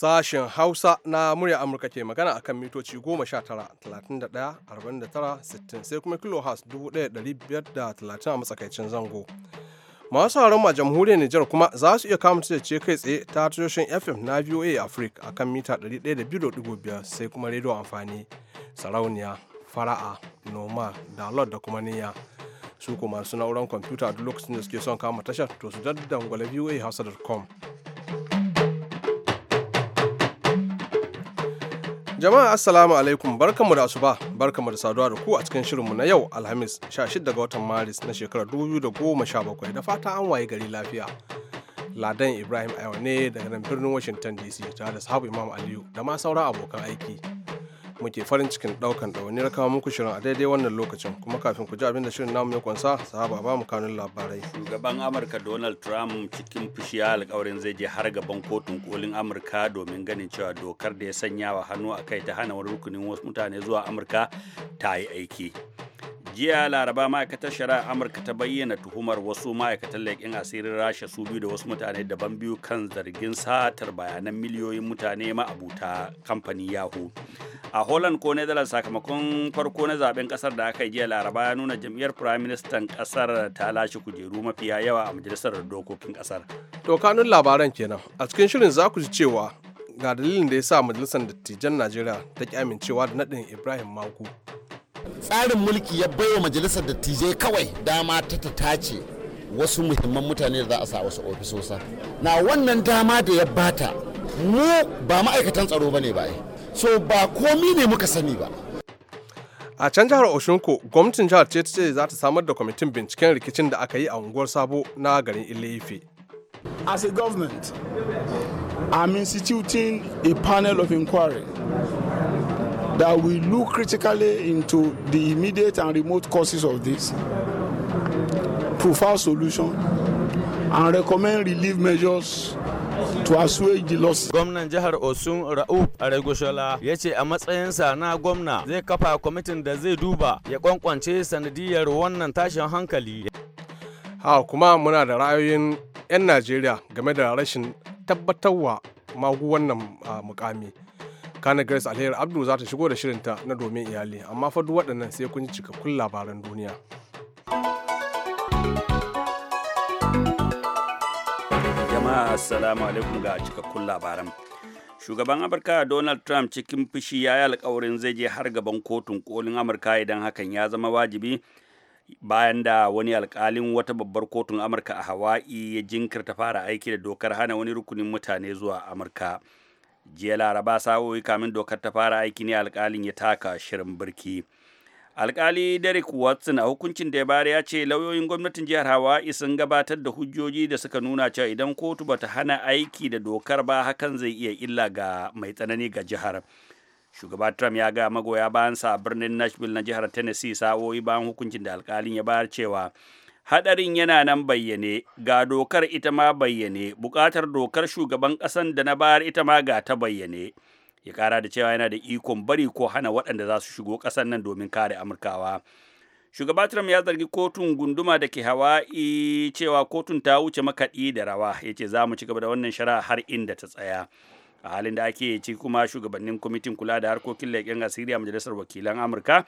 Sashen Hausa na murya Amurka ke magana akan mitoci 19-31-49-60 sai kuma kilohas 1530 a matsakaicin zango. Masu haron a jamhuriyar Nijar kuma za su iya kamata ce kai tsaye ta tashoshin FM na VOA Africa akan mita 102.5 sai kuma rediyo amfani sarauniya fara'a noma lord da kuma niyya su kuma su na'urar kwamfuta duk lokacin da suke son kama tashar to su daddangwale hausa.com Jama'a Assalamu alaikum mu da asuba mu da saduwa da ku a cikin shirinmu na yau Alhamis 16 ga watan Maris na shekarar 2017 da fata an waye gari lafiya. Ladan Ibrahim Ayo ne daga nan birnin Washington DC tare da sahabu Imam Aliyu da ma sauran abokan aiki. muke farin cikin daukan na kawo muku shirin a daidai wannan lokacin kuma kafin ku ji abin da shirin namu ya kunsa sahaba ba mu kanun labarai shugaban amurka donald trump cikin fushiya alkawarin zai je har gaban kotun kolin amurka domin ganin cewa dokar da ya sanya wa hannu a kai ta hana wani rukunin wasu mutane zuwa amurka ta yi aiki jiya laraba ma'aikatar shari'a amurka ta bayyana tuhumar wasu ma'aikatan laƙin asirin rasha su biyu da wasu mutane daban biyu kan zargin satar bayanan miliyoyin mutane ma'abuta kamfani yahoo a holland ko netherlands sakamakon farko na zaben kasar da aka yi jiya laraba ya nuna jam'iyyar firaministan minister kasar ta lashe kujeru mafiya yawa a majalisar dokokin kasar to kanun labaran kenan a cikin shirin za ku ji cewa ga dalilin da ya sa majalisar dattijan najeriya ta ki amincewa da naɗin ibrahim mako tsarin mulki ya baiwa majalisar dattijai kawai dama ta ta tace wasu muhimman mutane da za a sa wasu ofisosa na wannan dama da ya bata mu ba ma'aikatan tsaro ba ne ba so ba komi ne muka sani ba a can jihar Oshinko, gwamnatin jihar ce ta ce za ta samar da kwamitin binciken rikicin da aka yi a unguwar sabo na garin ileife as a government i'm instituting a panel of inquiry that we look critically into the immediate and remote causes of this, profile solution, and recommend relief measures to assuage the loss. Gwamnan jihar Osun Ra'ub Aregoshola ya ce a matsayinsa na gwamna zai kafa kwamitin da zai duba ya kwankwance sanadiyar wannan tashin hankali. Ha kuma muna da ra'ayoyin 'yan Najeriya game da rashin tabbatarwa magu wannan ah, mukami. kana grace alheri abdu za ta shigo da shirinta na domin iyali amma fa waɗannan sai kun ji cikakkun labaran duniya jama'a assalamu alaikum ga cikakkun labaran shugaban amurka donald trump cikin fushi ya yi alkawarin zai je har gaban kotun kolin amurka idan hakan ya zama wajibi bayan da wani alkalin wata babbar kotun amurka a hawaii ya jinkirta fara aiki da dokar hana wani rukunin mutane zuwa amurka jiya laraba sa'o'i kamin dokar ta fara aiki ne alkalin ya taka shirin birki alkali derek watson a hukuncin da ya bayar ya ce lauyoyin gwamnatin jihar hawaii sun gabatar da hujjoji da suka nuna cewa idan kotu bata hana aiki da dokar ba hakan zai iya illa ga mai tsanani ga jihar shugaba trump ya ga magoya bayansa sa birnin nashville na jihar tennessee sa'o'i bayan hukuncin da alkalin ya bayar cewa Haɗarin yana nan bayyane ga dokar ita ma bayyane Buƙatar dokar shugaban ƙasan da na bayar ita ma ga ta bayyane ya kara da cewa yana da ikon bari ko hana waɗanda za su shigo ƙasan nan domin kare amurkawa shugaba trump ya zargi kotun gunduma da ke hawa'i cewa kotun ta wuce makaɗi da rawa ya ce za mu ci gaba da wannan shari'a har inda ta tsaya a halin da ake ci kuma shugabannin kwamitin kula da harkokin leƙen asiri a majalisar wakilan amurka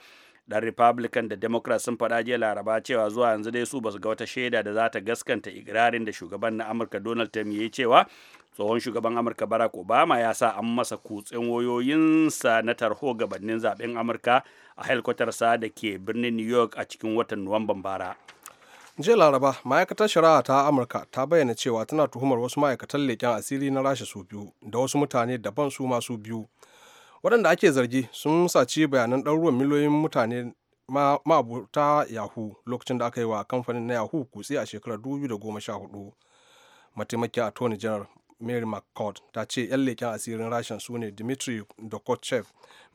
dan republican da democrat sun faɗa jiya laraba cewa zuwa yanzu dai su basu ga wata shaida da za ta gaskanta igirarin da shugaban na amurka donald trump ya yi cewa tsohon shugaban amurka barack obama ya sa an masa kutsen wayoyinsa na tarho gabanin zaben amurka a sa da ke birnin new york a cikin watan nuwamban bara jiya laraba ma'aikatar shari'a ta amurka ta bayyana cewa tana tuhumar wasu ma'aikatan leƙen asiri na rasha su biyu da wasu mutane daban su masu biyu waɗanda ake zargi sun saci bayanan ɗaruruwan miliyoyin mutane ma'abuta yahoo lokacin da aka yi wa kamfanin na yahoo kutse a shekarar 2014 a attorney general mary mccord ta ce 'yan leƙen asirin rashin su ne dimitri dokochev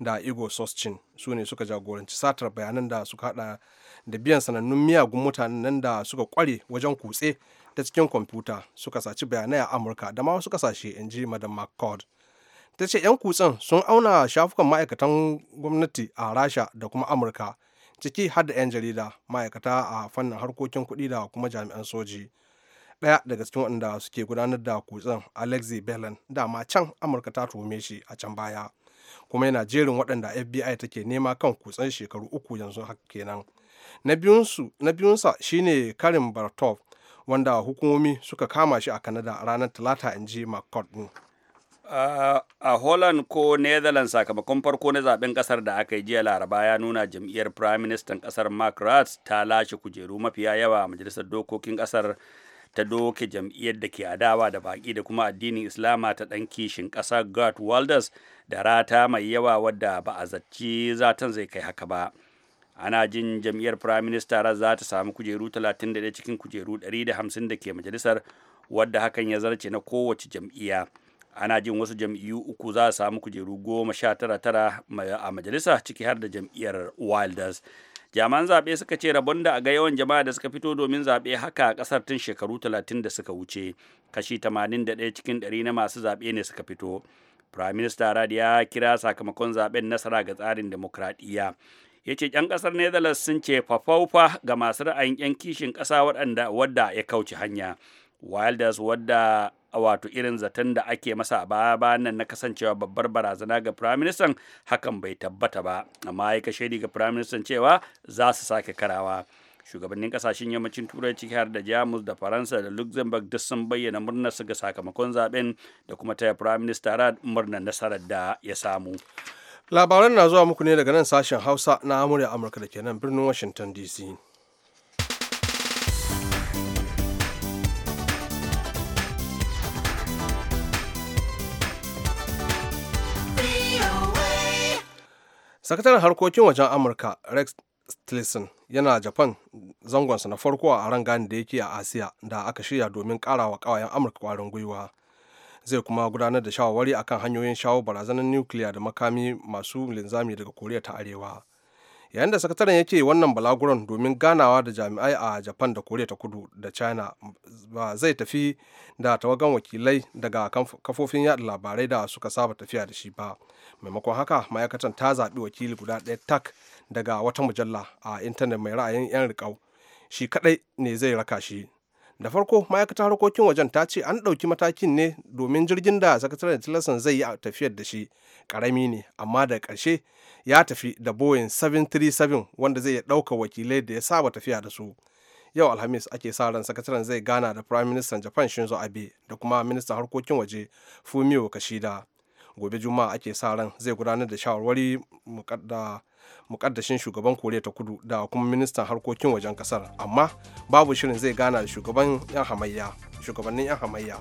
da igor soschin su ne suka jagoranci satar bayanan da suka hada da biyan sanannun miyagun mutanen da suka kware wajen kutse ta cikin kwamfuta suka saci bayanai a amurka da ma wasu kasashe in ji madam mccord ta ce 'yan kutsen sun auna shafukan ma'aikatan gwamnati a rasha da kuma amurka ciki har da 'yan jarida ma'aikata a fannin harkokin kuɗi da kuma jami'an soji ɗaya daga cikin waɗanda suke gudanar da kutsen alexi belen dama can amurka ta tuhume shi a can baya kuma yana jerin waɗanda fbi take nema kan kutsen shekaru uku yanzu haka kenan na biyunsa shine karin bartov wanda hukumomi suka kama shi a kanada ranar talata in ji mccord a Holland ko Netherlands sakamakon farko na zaben kasar da aka yi jiya laraba ya nuna jam'iyyar Prime Minister kasar Mark Rutte ta lashe kujeru mafiya yawa a majalisar dokokin kasar ta doke jam'iyyar da ke adawa da baki da kuma addinin Islama ta ɗan kishin kasa Gert walders da rata mai yawa wadda ba a zaci zatan zai kai haka ba. ana jin jam'iyyar prime minister za ta samu kujeru 31 cikin kujeru 150 da ke majalisar wadda hakan ya zarce na kowace jam'iyya. ana jin wasu jam'iyyu uku za su samu kujeru goma sha tara tara a majalisa ciki har da jam'iyyar wilders jaman zaɓe suka ce rabon da a ga yawan jama'a da suka fito domin zaɓe haka a ƙasar tun shekaru talatin da suka wuce kashi tamanin da ɗaya cikin ɗari na masu zaɓe ne suka fito Firaminista rad ya kira sakamakon zaɓen nasara ga tsarin demokradiyya ya ce 'yan ƙasar netherlands sun ce fafaufa ga masu ra'ayin 'yan kishin ƙasa waɗanda wadda ya kauce hanya wilders wadda wato irin zaton da ake masa baya bayan nan na kasancewa babbar barazana ga firaministan hakan bai tabbata ba amma ya kashe ga firaministan cewa za su sake karawa shugabannin kasashen yammacin turai ciki har da jamus da faransa da luxembourg duk sun bayyana murnar su ga sakamakon zaben da kuma ta firaminista rad murnar nasarar da ya samu labaran na zuwa muku ne daga nan sashen hausa na amurya amurka da ke nan birnin washington dc sakataren harkokin wajen amurka rex tillerson yana japan zangonsa na farko a ran rangani da yake a asiya da aka shirya domin karawa kawayen amurka kwarin gwiwa zai kuma gudanar da shawarwari akan hanyoyin shawo barazanar nukiliya da makami masu linzami daga koriya ta arewa yayin da sakataren ya yake wannan balaguron domin ganawa da jami'ai a japan da koriya ta kudu da china ba zai tafi da tawagan wakilai daga kafofin yada labarai da suka saba tafiya da shi ba maimakon haka ma'aikatan ta zaɓi wakili guda ɗaya tak daga wata mujalla a intanet mai ra'ayin 'yan riƙau shi kaɗai ne zai raka shi da farko ma'aikatar harkokin wajen ta ce an ɗauki matakin ne domin jirgin da sakataren tilasan zai yi a tafiyar da shi ƙarami ne amma da ƙarshe ya tafi da boeing 737 wanda zai ɗauka wakilai da ya saba tafiya da su yau alhamis ake sa ran sakataren zai gana da prime minister japan shinzo abe da kuma ministan harkokin waje fumio kashida gobe juma'a ake sa ran zai gudanar da shawarwari da mukaddashin shugaban koriya ta kudu da kuma ministan harkokin wajen kasar amma babu shirin zai gana da shugaban yan hamayya shugabannin yan hamayya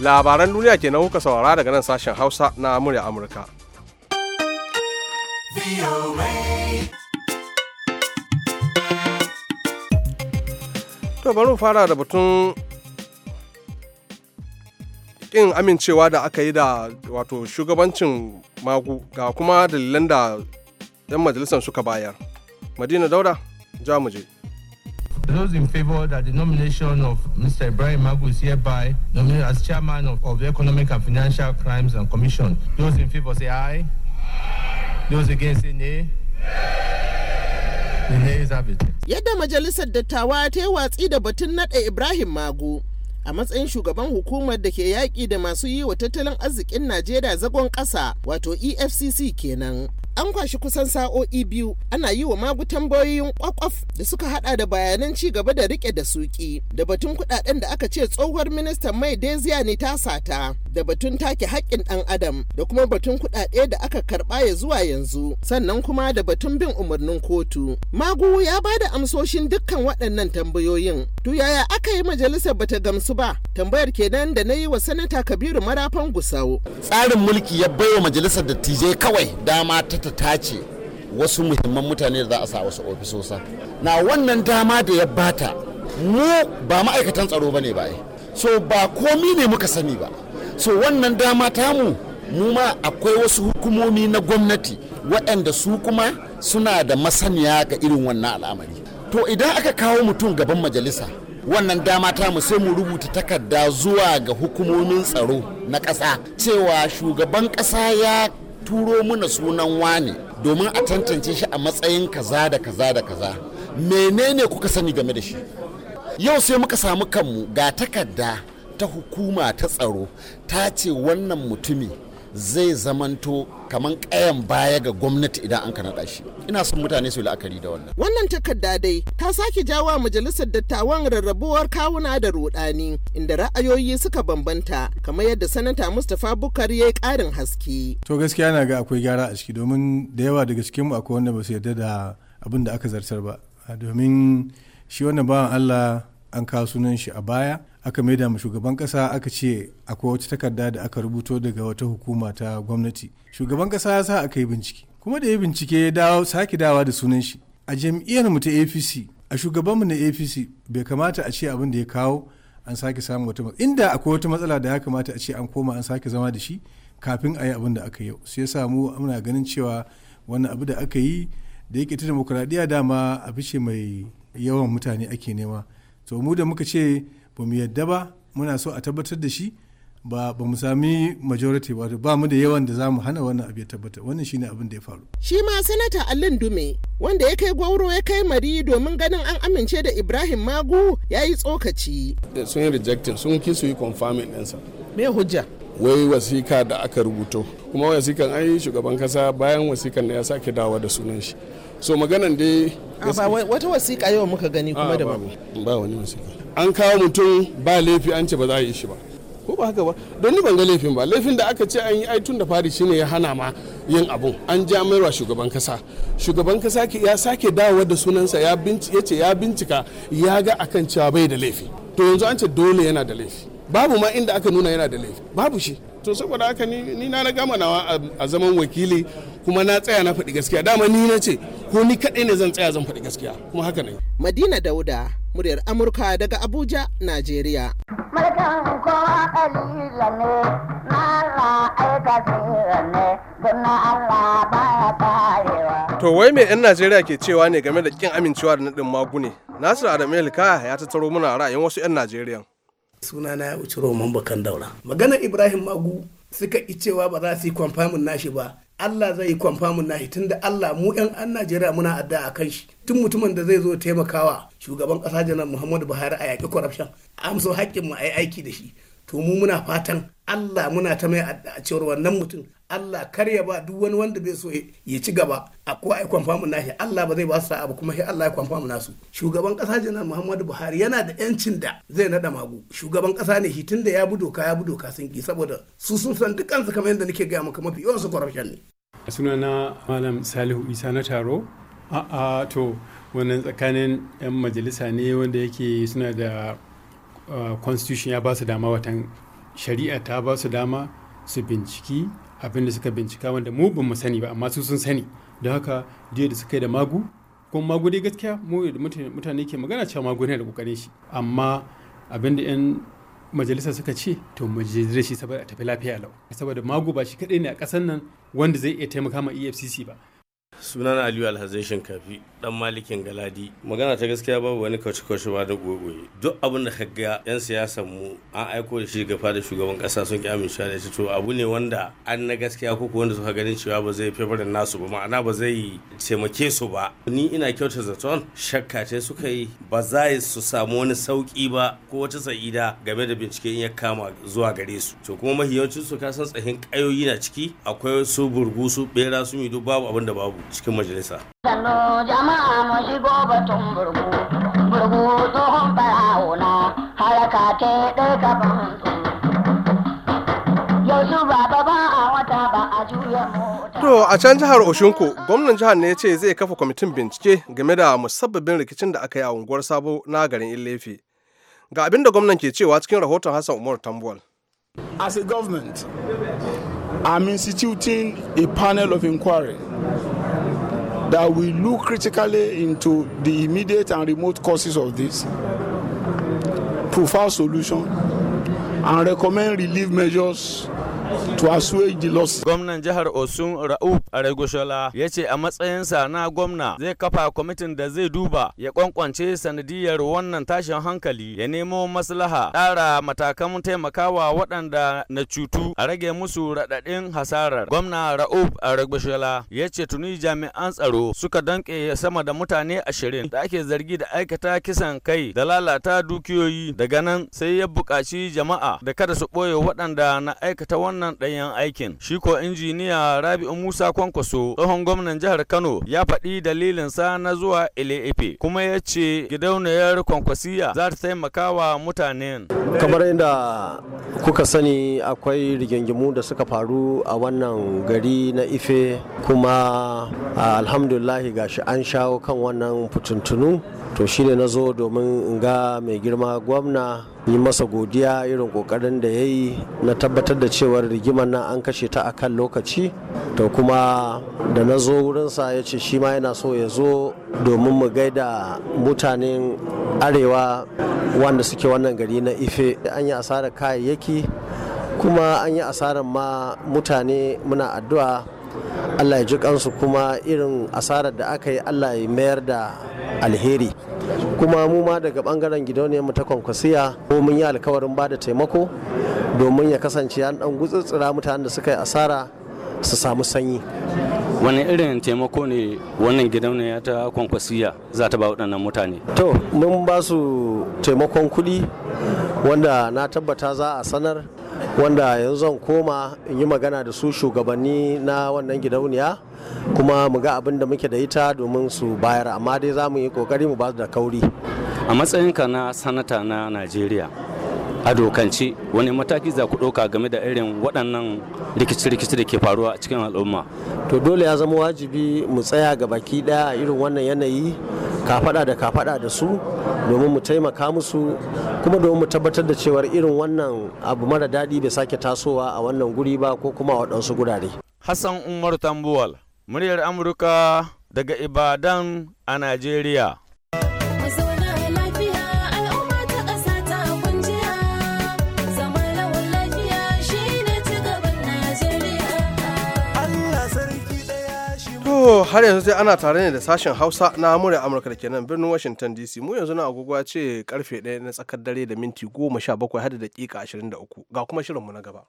labaran duniya ke nan kuka saurara daga nan sashen hausa na murya amurka to bari fara da batun ƙin amincewa da aka yi da wato shugabancin magu ga kuma dalilan da 'yan majalisar suka bayar madina daura ja mu je Those in favor that the nomination of Mr. Ibrahim Magu is hereby nominated as chairman of, of the Economic and Financial Crimes and Commission. Those in favor say aye. aye. Those against say nay. nay. The nays have it. Yadda majalisar dattawa ta yi watsi da batun naɗa Ibrahim Magu. a matsayin shugaban hukumar da ke yaƙi da masu yi wa tattalin arzikin najeriya zagon ƙasa wato efcc kenan an kwashi kusan sa'o'i biyu ana yi wa magu tambayoyin kwakwaf da suka hada da bayanan ci gaba da rike da suki da batun kudaden da aka ce tsohuwar ministan mai deziya ne ta sata da batun take haƙƙin ɗan adam da kuma batun kudade da aka karɓa ya zuwa yanzu sannan kuma da batun bin umarnin kotu magu ya ba da amsoshin dukkan waɗannan tambayoyin To yaya aka yi majalisar bata gamsu ba? Tambayar kenan da na yi wa sanata Kabiru Marafan Gusau. Tsarin mulki ya baiwa majalisar dattijai kawai dama ta ta tace wasu muhimman mutane da za a sa wasu ofisosa. Na wannan dama da ya bata mu ba ma'aikatan tsaro ba ne ba So ba komi ne muka sani ba. So wannan dama mu mu ma akwai wasu hukumomi na gwamnati waɗanda su kuma suna da masaniya ga irin wannan al'amari. to idan aka kawo mutum gaban majalisa wannan dama ta mu sai mu rubuta takarda zuwa ga hukumomin tsaro na ƙasa cewa shugaban ƙasa ya turo mana sunan wane domin a tantance shi a matsayin kaza da kaza da kaza menene kuka sani game da shi yau sai muka samu kanmu ga takarda ta hukuma ta tsaro ta ce wannan mutumi zai zamanto kamar kayan baya ga gwamnati idan an kanada shi ina son mutane su la'akari da wannan wannan takarda dai ta sake jawa majalisar dattawan rarrabuwar kawuna da rudani inda ra'ayoyi suka bambanta kamar yadda sanata mustapha bukar ya yi karin haske to gaskiya na ga akwai gyara a ciki domin da yawa daga cikin mu akwai wanda ba su yarda da abin da aka zartar ba domin shi wannan bawan allah an kawo sunan shi a baya aka maida mu shugaban kasa aka ce akwai wata takarda da aka rubuto daga wata hukuma ta gwamnati shugaban kasa ya sa aka yi bincike kuma da ya bincike ya dawo sake dawa da sunan shi a jam'iyyar mu ta apc a shugaban mu na apc bai kamata a ce abin da ya kawo an sake samun wata matsala inda akwai wata matsala da ya kamata a ce an koma an sake zama da shi kafin a yi abin da aka yi sai yasa mu muna ganin cewa wannan abu da aka yi da yake ta demokuraɗiyya dama abu ce mai yawan mutane ake nema to mu da muka ce ba mu yadda ba muna so a tabbatar da shi ba mu sami majority ba ba mu da yawan da za mu hana wannan abu ya tabbata wannan shine abin da ya faru shi ma sanata alin dume wanda ya kai gwauro ya kai mari domin ganin an amince da ibrahim magu ya yi tsokaci eh, sun yi rejecting sun ki su yi confirming ɗinsa me hujja wai wasika da aka rubuto kuma wasikan ai shugaban kasa bayan wasikan da ya sake dawo da sunan shi so maganan dai ah, wata wasika yau muka gani kuma ah, da ba ba wani wasika an kawo mutum ba laifi an ce ba za a yi shi ba ko ba haka ba don ni ban ga laifin ba laifin da aka ce an yi aitun da fari shine ya hana ma yin abu an ja maiwa shugaban kasa shugaban kasa ya sake dawowa da sunansa ya ce ya bincika ya ga akan cewa bai da laifi to yanzu an ce dole yana da laifi babu ma inda aka nuna yana da laifi babu shi to saboda haka ni na na gama nawa a zaman wakili kuma na tsaya na faɗi gaskiya dama ni na ce ko ni kaɗai ne zan tsaya zan faɗi gaskiya kuma haka ne madina dauda muryar Amurka daga Abuja, Najeriya. To wai mai 'yan Najeriya ke cewa ne game da kin amincewa da naɗin ne Nasir Adam Kaya ya tattaro muna ra'ayin wasu 'yan Najeriya. Sunana ya wuce Roman Bakan Daura. magana Ibrahim Magu suka yi cewa ba za su yi kwamfamin nashi ba Allah zai yi nahi tun da Allah mu 'yan an Najeriya muna adda a kan shi tun mutumin da zai zo taimakawa shugaban ƙasa janar Muhammadu Buhari a yaƙi corruption amso haƙƙin mu a yi aiki da shi to mu muna fatan Allah muna ta mai a cewar wannan mutum Allah kar ya ba duk wani wanda bai so ya ci gaba a ko ai mu nashi Allah ba zai ba su sa'a ba kuma sai Allah ya mu nasu shugaban kasa janar Muhammadu Buhari yana da yancin da zai nada magu shugaban kasa ne shi da ya bi doka ya bi doka sun ki saboda su sun san dukansu kamar yadda nake gaya maka mafi yawan su corruption ne sunana malam Salihu Isa na taro a'a to wannan tsakanin yan majalisa ne wanda yake suna da Uh, constitution ya ba su dama watan shari'a ta ba su dama su binciki abin da suka bincika wanda mu ba mu sani ba amma su sun sani don haka jiya da suka yi da magu kuma magu dai gaskiya mu da mutane ke magana cewa magu ne da kokarin shi amma abin da yan majalisa suka ce to majalisa shi saboda a tafi lafiya lau saboda magu ba shi kadai ne a kasan nan wanda zai iya taimaka ma efcc ba sunana aliyu alhazai shinkafi dan malikin galadi magana ta gaskiya babu wani kwace kwace ba da goyi duk abin da kaga yan siyasan mu an aiko da shi ga da shugaban kasa sun ki amincewa da shi to abu ne wanda an na gaskiya ko wanda suka ganin cewa ba zai fefarin nasu ba ma'ana ba zai taimake su ba ni ina kyauta zaton shakka ce suka yi ba za su samu wani sauki ba ko wata sa'ida game da binciken ya kama zuwa gare su to kuma mahiyancin su kasan tsahin kayoyi na ciki akwai su burgusu bera su duk babu abin da babu cikin majalisa. To a can jihar Oshunko, gwamnan jihar ne ya ce zai kafa kwamitin bincike game da musabbabin rikicin da aka yi a unguwar Sabo na garin Illefe. Ga abin da gwamnan ke cewa cikin rahoton Hassan Umar Tambuwal. As a government, I'm instituting a panel of inquiry that we look critically into the immediate and remote causes of this, profile solution, and recommend relief measures to assuage the loss. Gwamnan jihar Osun Ra'ub Aregoshola ya ce a matsayinsa na gwamna zai kafa kwamitin da zai duba ya kwankwance sanadiyar wannan tashin hankali ya nemo maslaha tsara matakan taimakawa waɗanda na cutu a rage musu raɗaɗin hasarar. Gwamna Ra'ub Aregoshola ya ce tuni jami'an tsaro suka danƙe sama da mutane ashirin da ake zargi da aikata kisan kai da lalata dukiyoyi daga nan sai ya buƙaci jama'a da kada su ɓoye waɗanda na aikata wannan wannan ɗanyen aikin. Shi ko injiniya Rabi'u Musa Kwankwaso tsohon gwamnan jihar Kano ya faɗi dalilinsa na zuwa ile kuma ya ce gidauniyar Kwankwasiya za ta taimaka wa mutanen. Kamar inda kuka sani akwai rigingimu da suka faru a wannan gari na Ife kuma alhamdulahi gashi an shawo kan wannan fitintunu to shine na zo domin in ga mai girma gwamna yi masa godiya irin kokarin da ya yi na tabbatar da cewar rigimar nan an kashe ta a kan lokaci to kuma da na zo wurinsa ya ce shi ma yana so ya zo domin mu gaida mutanen arewa wanda suke wannan gari na ife an yi asarar kayayyaki kuma an yi asarar ma mutane muna addu'a allah ya ji kansu kuma irin asarar da aka yi allah ya mayar da alheri kuma mu ma daga bangaren gidauniyar mu ta kwankwasiya ko mun yi alkawarin ba da taimako domin ya kasance an dan gutsutsura mutanen da suka yi asara su samu sanyi wani irin taimako ne wannan gidauniya ta kwankwasiya za ta ba waɗannan mutane to mun ba su taimakon kuɗi wanda na tabbata za a sanar wanda yanzu zan koma in yi magana da su shugabanni na wannan gidauniya kuma mu ga abin da muke da ita domin su bayar amma dai za mu yi kokari mu ba da kauri a matsayinka na sanata na najeriya a dokance wani mataki za ku ɗauka game da irin waɗannan rikici-rikici da ke faruwa a cikin al'umma to dole ya zama wajibi mu tsaya ga baki ɗaya a irin wannan yanayi kafaɗa da kafaɗa da su domin mu taimaka musu kuma domin mu tabbatar da cewar irin wannan abu mara daɗi bai sake tasowa a wannan guri ba ko kuma a waɗansu gurare hassan umar tambuwal muryar Amurka daga Ibadan a Najeriya. To har yanzu sai ana tare ne da sashen Hausa na murya Amurka da kenan birnin Washington DC. Mu yanzu na agogo ce karfe 1 na tsakar dare da minti 17 hada da 23 ga kuma shirinmu na gaba.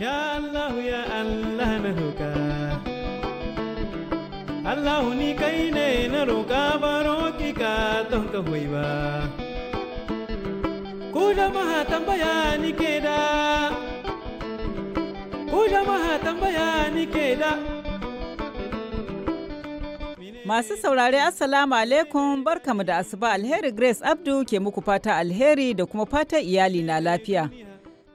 Ya Allah ya Allah na hukar. Allah ni kai ne na roƙa baro ki ka don ka hoyi ba. Ku jama'a tambaya ni ke da, ku jama'a tambaya ni ke da. Masu saurare Assalamu alaikum barkamu da asuba alheri Grace Abdu ke muku fata alheri da kuma fata iyali na lafiya.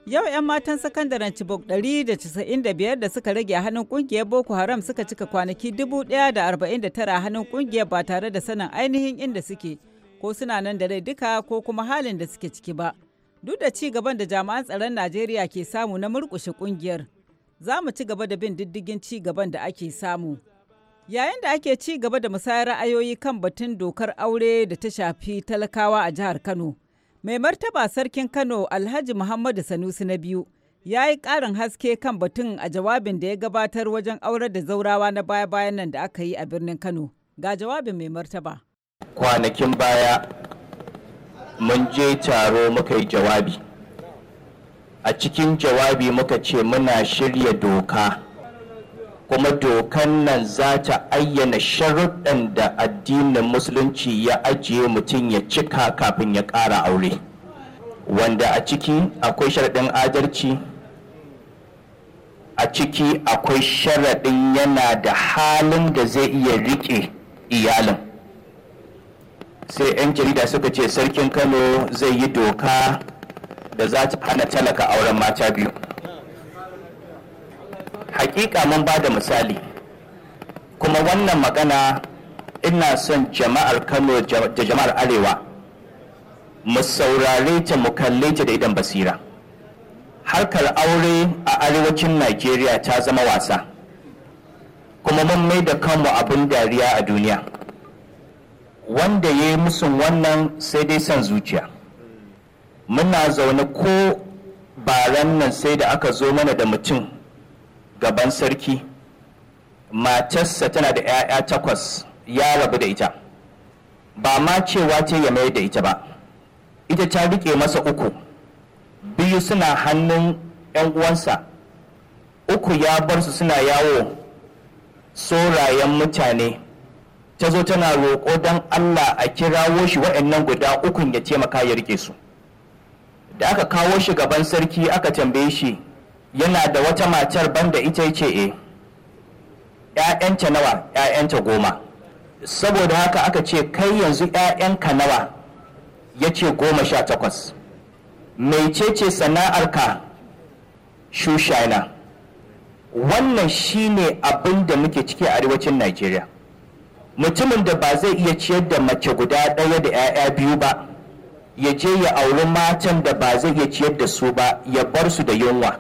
Yau 'yan matan sakandaren Chibok 195 da suka rage a hannun kungiyar Boko Haram suka cika kwanaki 1,049 a hannun kungiyar ba tare da sanin ainihin inda suke, ko suna nan da rai duka ko kuma halin da suke ciki ba. Duk da ci gaban da jami'an tsaron Najeriya ke samu na murkushe kungiyar, za mu ci gaba da bin diddigin ci gaban da ake samu. Yayin da ake ci gaba da musayar ra'ayoyi kan batun dokar aure da ta shafi talakawa a jihar Kano. Mai martaba sarkin Kano Alhaji Muhammadu Sanusi na biyu ya yi ƙarin haske kan batun a jawabin da ya gabatar wajen aurar da zaurawa na baya-bayan nan da aka yi a birnin Kano. Ga jawabin mai martaba. Kwanakin baya mun je taro muka yi jawabi. A cikin jawabi muka ce muna shirya doka kuma dokan nan za ta ayyana sharuɗan da addinin musulunci ya ajiye mutum ya cika kafin ya ƙara aure wanda a ciki akwai sharaɗin adalci a ciki akwai sharaɗin yana da halin da zai iya riƙe iyalin sai 'yan jarida suka ce sarkin kano zai yi doka da za ta hana talaka auren mata biyu hakika mun ba da misali kuma wannan magana ina son jama'ar kano da jama'ar arewa mu saurare ta mu kalle ta da idan basira harkar aure a arewacin najeriya ta zama wasa kuma mun mai da kanmu abin dariya a duniya wanda ya yi musun wannan sai dai son zuciya muna zaune ko baran nan sai da aka zo mana da mutum gaban sarki matarsa tana da 'ya'ya takwas ya rabu da ita ba ma cewa ce ya mayar da ita ba ita ta rike masa uku biyu suna hannun 'yan uwansa uku ya bar su suna yawo saurayen mutane ta zo tana roƙo don allah a kirawo shi waɗannan guda ukun ya taimaka ya rike su da aka kawo shi gaban sarki aka tambaye shi yana da wata matar banda ita ce e eh, ‘ya'yanta nawa ‘ya'yanta goma saboda haka aka ce kai yanzu ‘ya'yanka nawa yace goma sha takwas sana'ar sana'arka shushana wannan shine abin da muke ciki a arewacin najeriya mutumin da ba zai iya ciyar da mace guda ɗaya da 'ya'ya biyu ba ya je ya auri matan da ba zai iya ciyar da su ba ya bar su da yunwa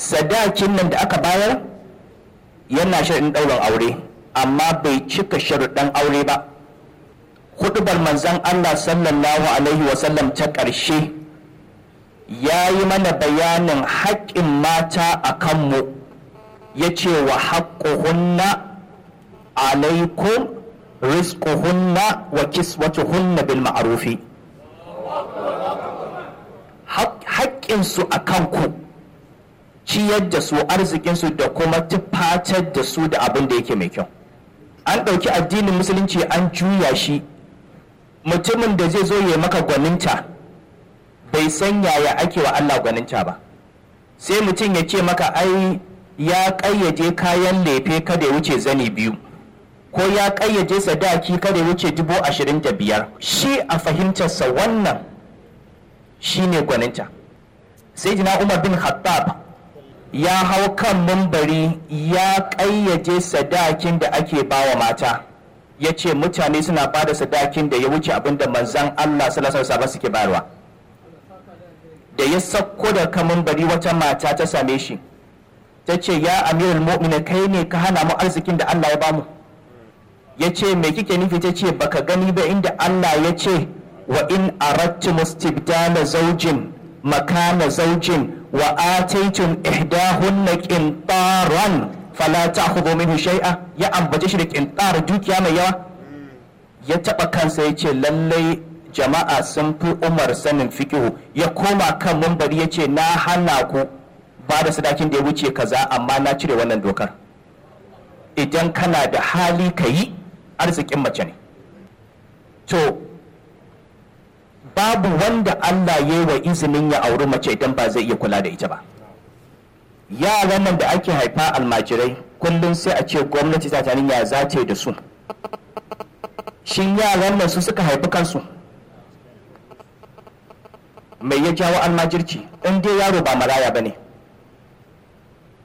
sadakin nan da aka bayar yana shirin ɗaurin aure amma bai cika sharuɗan aure ba hudubar manzan allah sallallahu alaihi wasallam ta ƙarshe ya yi mana bayanin haƙƙin mata a kanmu ya ce wa haƙƙuhunna alaikum rizquhunna wa kiswatuhunna bil ma'arufi. haƙƙinsu a kanku ciyar da su arzikinsu da kuma tufatar da su da abin da yake mai kyau an ɗauki addinin musulunci an juya shi mutumin da zai zo ya maka gwaninta bai san yaya ake wa Allah gwaninta ba sai mutum ya ce maka ai ya ƙayyade kayan lefe kada ya wuce zani biyu ko ya ƙayyade sadaki kada ya wuce dubu ashirin da biyar shi a fahimtarsa wannan shine gwaninta sai jina umar bin khattab ya hau kan mambari ya ƙayyaje sadakin da ake bawa mata ya ce mutane suna ba da sadakin da ya wuce abin da manzan Allah sallallahu alaihi suke bayarwa da ya sauko da kan mambari wata mata ta same shi ta ce ya amirul mu'mina kai ne ka hana mu arzikin da Allah ya bamu ya ce me kike nufi ta ce baka gani ba inda Allah ya ce wa in aradtum istibdala zaujin makana zaujin wa ataitum ihdahunna qintaran fala ta'khudhu minhu shay'a ya ambace shi da qintar dukiya mai yawa ya taba kansa yace lallai jama'a sun fi Umar sanin fikihu ya koma kan mambari yace na hana ku ba da sadakin da ya wuce kaza amma na cire wannan dokar idan kana da hali kayi arzikin mace ne to babu wanda Allah ya yi wa izinin ya auri mace idan ba zai iya kula da ita ba yaran nan da ake haifa almajirai kullum sai a ce gwamnati ta tanin ya zace da su shin yaran nan su suka haifi kansu mai ya jawo almajirci in dai yaro ba maraya ba ne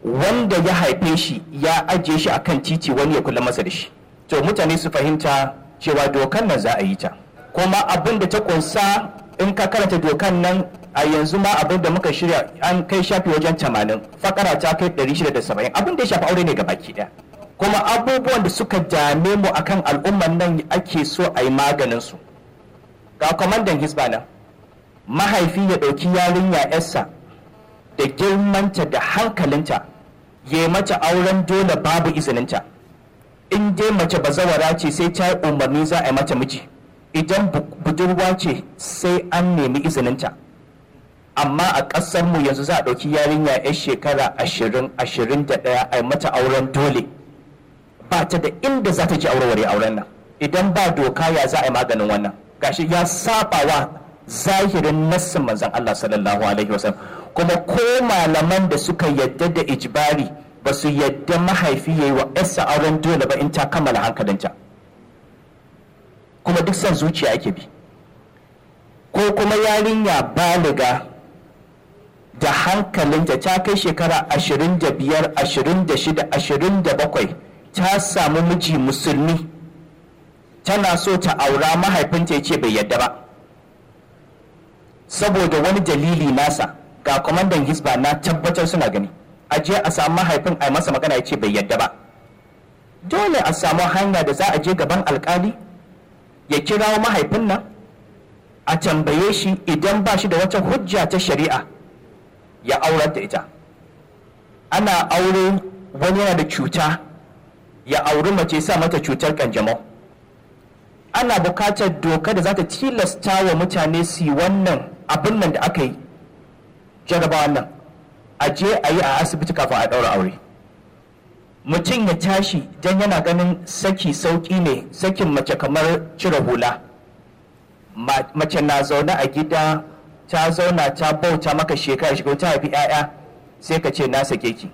wanda ya haife shi ya ajiye shi akan titi wani ya kula masa da shi to mutane su fahimta cewa dokar nan za a yi ta kuma abin da ta kunsa in ka karanta dokan nan a yanzu ma abin da muka shirya an kai shafi wajen tamanin fakara ta kai 670 abin da ya shafi aure ne ga baki daya kuma abubuwan da suka dame mu akan al'ummar nan ake so a yi maganin su ga kwamandan hisba nan mahaifi ya ɗauki yarinya yarsa da girmanta da hankalinta ya mata auren dole babu izininta in dai mace bazawara ce sai ta umarni za a yi mata miji idan budurwa ce sai an nemi izininta amma a ƙasarmu yanzu za a ɗauki yarinya 'yar shekara ashirin ashirin da ɗaya a mata auren dole ba ta da inda za ta ji aurewar auren nan idan ba doka ya za a yi maganin wannan gashi ya saba wa zahirin nassin manzan Allah sallallahu alaihi wasallam kuma ko malaman da suka yadda da ijbari ba su yadda mahaifi ya yi wa 'yarsa auren dole ba in ta kammala hankalinta kuma duk san zuciya ake bi ko kuma yarinya baliga da hankalinta ta kai shekara ashirin da biyar ta samu miji musulmi tana so ta aura mahaifinta ya ce bai yadda ba saboda wani dalili nasa ga kwamandan hisba na tabbatar suna gani a je a samu mahaifin a masa magana ya ce bai yadda ba dole a samu hanya da za a je gaban alkali ya kirawo mahaifin nan a tambaye shi idan ba shi da wata hujja ta shari'a ya aurar da ita ana aure wani yana da cuta ya auri mace sa mata cutar kanjamau ana bukatar doka da za ta tilasta wa mutane su yi wannan abin nan da aka yi jarabawa nan a je a yi a asibiti kafin a ɗaura aure mutum ya tashi don yana ganin saki sauki ne sakin mace kamar cire hula mace na zaune a gida ta zauna ta bauta maka shekara shekaru ta haifi 'ya'ya sai ka ce na sake ki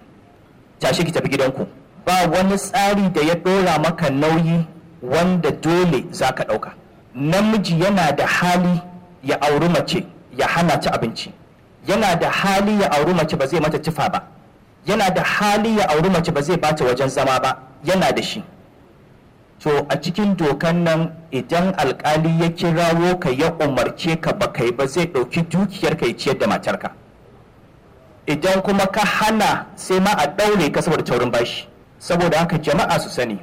tashi ki tafi gidanku ba wani tsari da ya ɗora maka nauyi wanda dole za ka ɗauka namiji yana da hali ya auri mace ya hana ta abinci yana da hali ya auri mace ba zai mata tufa ba yana da hali ya auri mace ba zai bata wajen zama ba yana da shi to a cikin dokan nan idan alkali ya kirawo ka ya umarce ka ba kai ba zai ɗauki dukiyar ka ya ciyar da matarka idan kuma ka hana sai ma a ɗaure ka saboda taurin bashi saboda haka jama'a su sani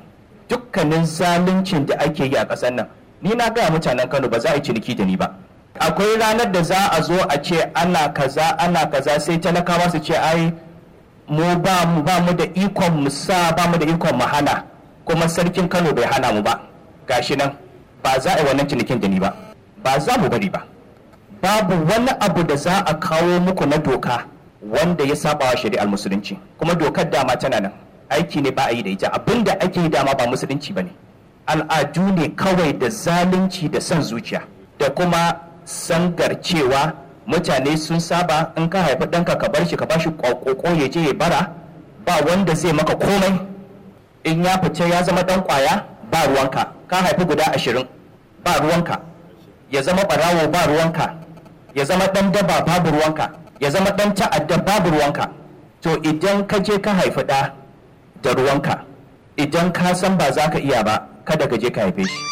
dukkanin zaluncin da ake yi a ƙasar nan ni na gaya mutanen kano ba za a yi ciniki da ni ba akwai ranar da za a zo a ce ana kaza ana kaza sai talakawa su ce ai mu ba mu da ikon mu ba mu da ikon mu hana kuma sarkin Kano bai hana mu ba gashi nan ba za a yi wannan cinikin da ba ba za mu bari ba babu wani abu da za a kawo muku na doka wanda ya saba wa shari'ar musulunci kuma dokar dama tana nan aiki ne ba a yi da ita abin da ake yi dama ba musulunci ba ne al'adu ne kawai da zalunci da son zuciya da kuma sangarcewa mutane sun saba in ka haifi ɗanka ka bar shi ka bashi ƙwaƙoƙo ya je ya bara ba wanda zai maka komai in ya fice ya zama ɗan ƙwaya ba ruwanka ka haifi guda ashirin ba ruwanka ya zama ɓarawo ba ruwanka ya zama ɗan daba babu ruwanka ya zama ɗan ta'adda babu ruwanka to idan ka je ka haifi ɗa da ruwanka idan ka san ba za ka iya ba kada ka je ka haife shi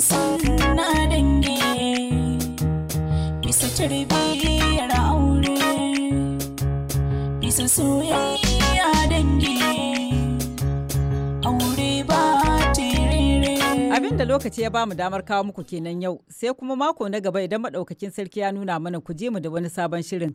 suna dangi bisa tarbiyyar aure bisa soyayya aure ba abin da lokaci ya bamu damar kawo muku kenan yau sai kuma mako na gaba idan madaukakin sarki ya nuna mana ku je mu da wani sabon shirin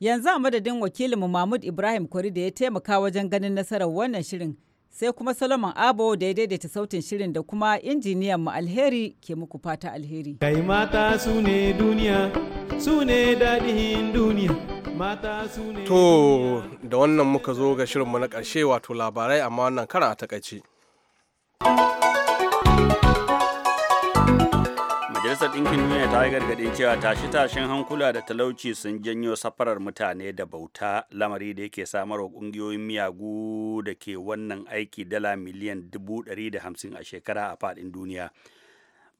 yanzu a madadin wakilinmu mahmud ibrahim kori da ya taimaka wajen ganin nasarar wannan shirin sai kuma Solomon Abo da ya daidaita sautin shirin da kuma injiniyan mu alheri ke muku fata alheri. Kai mata su ne duniya, su ne daɗin duniya. Mata su ne To, da wannan muka zo ga shirinmu na ƙarshe wato labarai amma wannan karan a takaice. majalisar ɗinkin duniya ta yi gargaɗin cewa tashe-tashen hankula da talauci sun janyo safarar mutane da bauta lamari da yake samarwa wa ƙungiyoyin miyagu da ke wannan aiki dala miliyan dubu ɗari da hamsin a shekara a faɗin duniya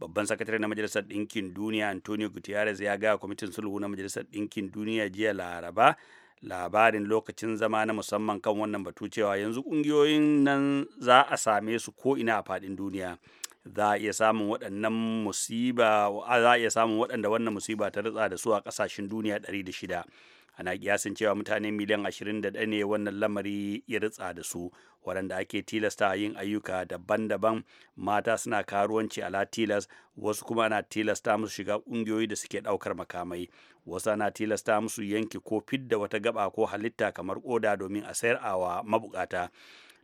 babban sakatare na majalisar ɗinkin duniya antonio gutierrez ya gaya kwamitin sulhu na majalisar ɗinkin duniya jiya laraba labarin lokacin zama na musamman kan wannan batu cewa yanzu ƙungiyoyin nan za a same su ko ina a faɗin duniya za a iya samun waɗannan musiba za a iya samun waɗanda wannan musiba ta ritsa da su a ƙasashen duniya da shida ana kiyasin cewa mutane miliyan 21 ne wannan lamari ya ritsa da su waɗanda ake tilasta yin ayyuka daban-daban mata suna karuwanci a tilas wasu kuma ana tilasta musu shiga ƙungiyoyi da suke ɗaukar makamai wasu ana tilasta musu yanki ko fidda wata gaba ko halitta kamar ƙoda domin a sayar awa mabukata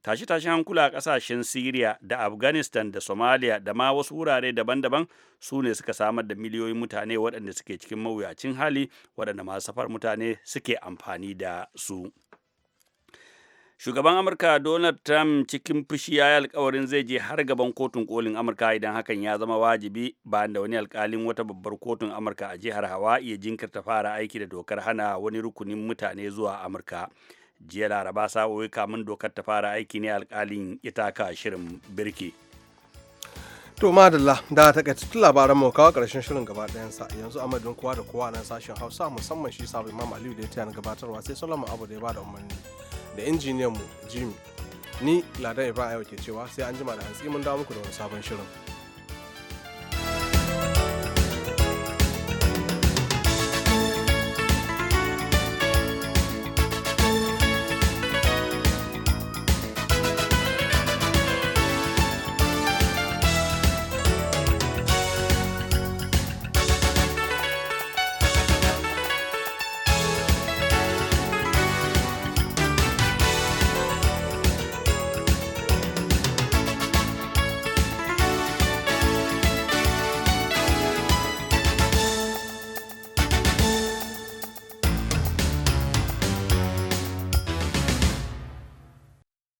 tashe-tashen hankula a kasashen Siriya da Afghanistan da Somalia da ma wasu wurare daban-daban su ne suka samar da miliyoyin mutane waɗanda suke cikin mawuyacin hali waɗanda masu safar mutane suke amfani da su. Shugaban Amurka Donald Trump cikin fushi ya yi alkawarin zai je har gaban kotun kolin Amurka idan hakan ya zama wajibi bayan da wani alkalin wata babbar kotun Amurka a jihar Hawaii ya jinkirta fara aiki da dokar hana wani rukunin mutane zuwa Amurka. jiya laraba sa'o'i kamun dokar ta fara aiki ne alkalin itaka shirin birki to madalla da ta kai tutu labaran mu kawo karshen shirin gaba sa yanzu a madadin kowa da kowa nan sashen hausa musamman shi sabu imam aliyu da ya tayar gabatarwa sai solomon abu da ya bada umarni da injiniyan mu jimmy ni ladan ibrahim ke cewa sai an jima da hantsi mun dawo muku da wani sabon shirin